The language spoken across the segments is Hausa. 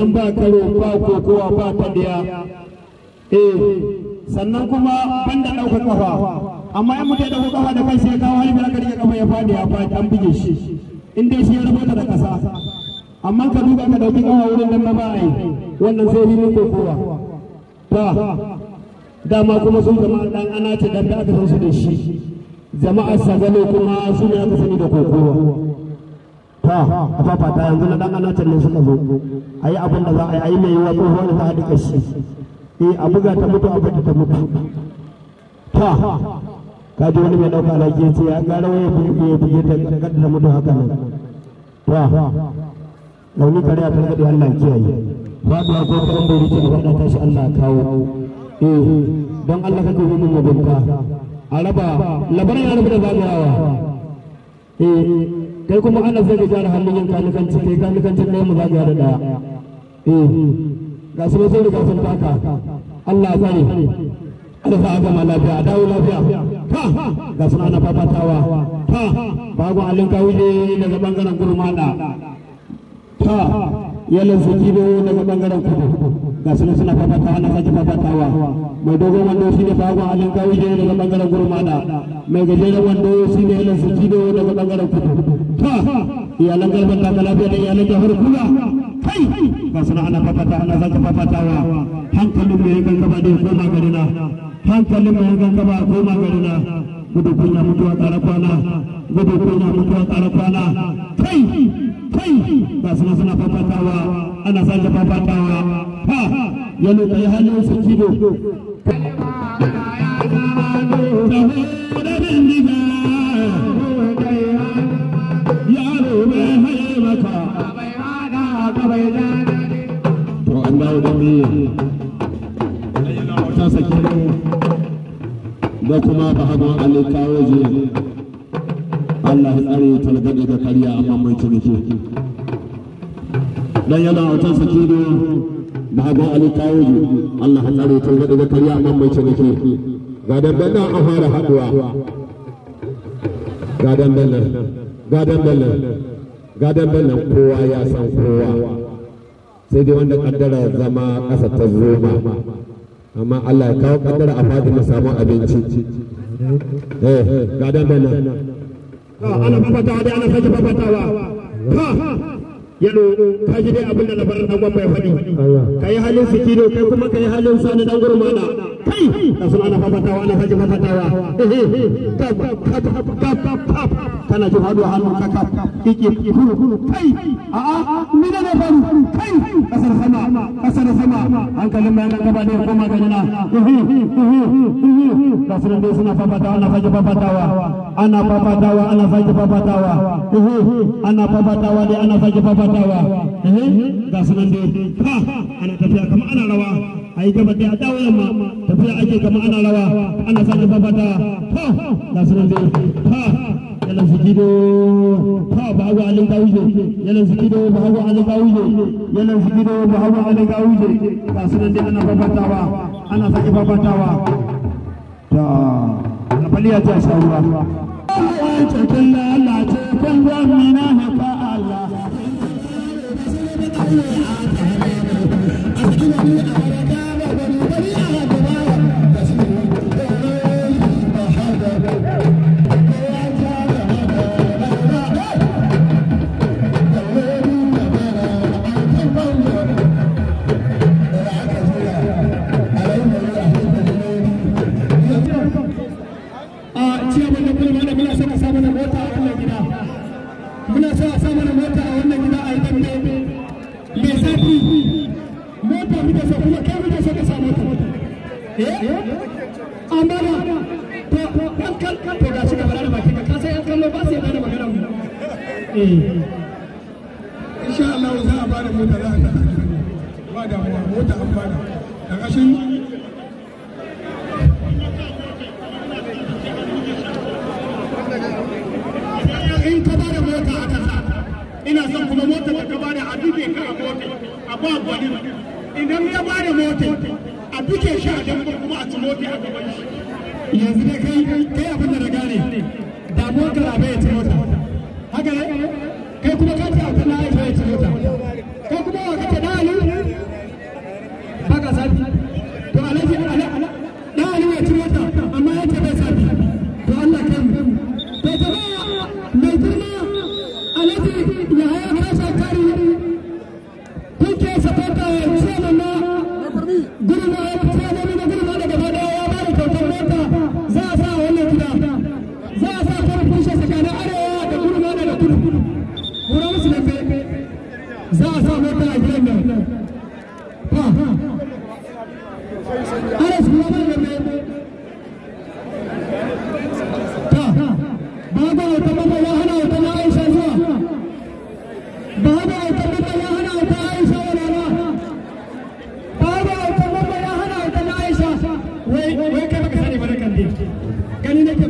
sannan ba karo ba kokowa ba tabiya eh sannan kuma banda dauka kafa amma in mutai dauka kafa da kai sai kawo halbi aka rike kafa ya faɗi ya fadi an bige shi in dai shi ya rubuta da ƙasa amma ka duba ka ɗauki kafa wurin nan na bai a yi wannan sai hilin kokowa ta dama kuma sun zama dan ana ce dan da aka san su da shi jama'a sagale kuma su ne aka sani da kokowa to a fafata yanzu na dan anatar ne suka zo ayi abin da za a yi ayi mai yiwa tsohuwa ta haɗu ƙashi eh a buga ta mutu a bata ta mutu ta ka ji wani mai ɗauka alaƙi ya ce ya gara waya fiye fiye ta ta mutu haka nan ta launi kare a targaɗe Allah kiyaye babu ya ko karan bai rike gaba ta tashi Allah kawo eh don Allah ka dubi mun mabunta a raba labarin ya rabu da zagayawa eh kai kuma ana zai ka hannun yin kanikanci kai kanikancin ɗaya mu zagaya da ɗaya eh ga su sun riga sun taka Allah tsare kada za a gama lafiya a dawo lafiya ha ga suna na fafatawa ha bagon alin kawuje daga bangaren gurmana ha yalin sun jibo daga bangaren kudu ga suna fafatawa na fafatawa mai dogon wando shi ne fagon halin kawai ne daga bangaren mai gajeren wando shi ne bangaren ta iyalan ta lafiya da iyalan kula kai ga ana fafatawa na fafatawa hankalin mai gangaba da ya koma garina hankalin mai gangaba koma garina gudu kunya mutuwa tsara kwana gudu kunya mutuwa tsara kwana kai kai ga suna suna fafatawa ana sake fafatawa ha ya nuka yi halin su kido Taho da bindiga kuma kuma bahagon Ali kawo jiya Allah ya tsare talgaɗe da karya amma mai cikin dan yana can saki da bahagon Ali kawo jiya Allah ya tsare talgaɗe da karya amma mai cikin ga dandan nan an fara haɗuwa ga dandan ga dandan ga dandan kowa ya san kowa sai dai wanda kaddara zama ƙasa ta zoma amma Allah ya kawo kaddara a Fatima samun abinci eh ga dan nan ka ana fafatawa da ana sake fafatawa ha yalo ka ji dai abin da na bar dan gwamba ya fadi kai halin sikino kai kuma kai halin sani dan gurma na kai sun ana fafatawa ana sake fafatawa kana jin hadu hannu kaka kike hulu hulu kai a a mina ne faru kai kasar sama kasar sama hankalin mai nan gaba ne koma ga nuna ga su dai suna fafatawa ana sake fafatawa ana fafatawa ana sake fafatawa ana fafatawa dai ana sake fafatawa ga su dai ana tafiya kamar ana rawa a yi gaba ɗaya dawo yamma tafiya ake kamar ana rawa ana sake fafatawa ga su dai yalan sikido ka bago alin gawuje yalan sikido bago alin wuje. yalan sikido bago alin gawuje ga su nan ana babatawa ana sake babatawa ta labaliya ta saura cikin lalace kan zamina haka Allah a cikin amma ka ba insha Allah za a bada mota za a ta ba da mota an bada da kashin in ka mota ina son kuma mota ka bada a dube ka a mota a ba gwani idan ya bada mota a duke shi a dambar kuma a timoti a gaban shi yanzu da kai kai abin da na gane damuwar karabe ya timota haka ne za a sa mota a gidan nan ha aras kuma ban da mai ta babu wata mata ya hana wata na aisha zuwa babu wata mata ya hana wata aisha wala ba babu wata mata ya hana wata na aisha wai wai kai baka sani ba da kan gani nake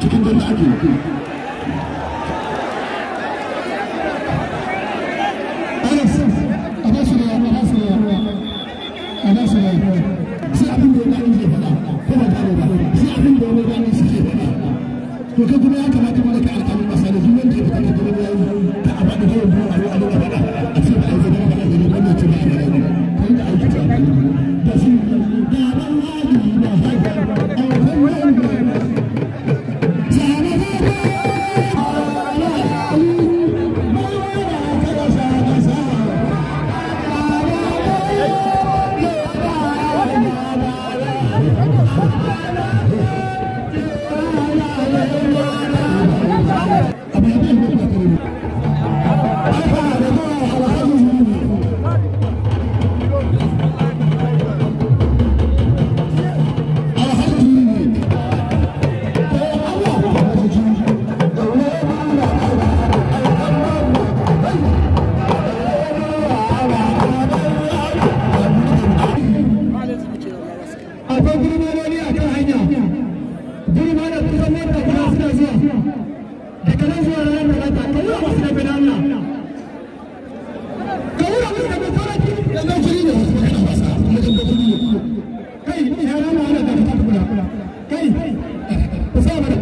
cikin dare ake to kai kuma ya kamata malaka alƙalin masana duk wanda Seven.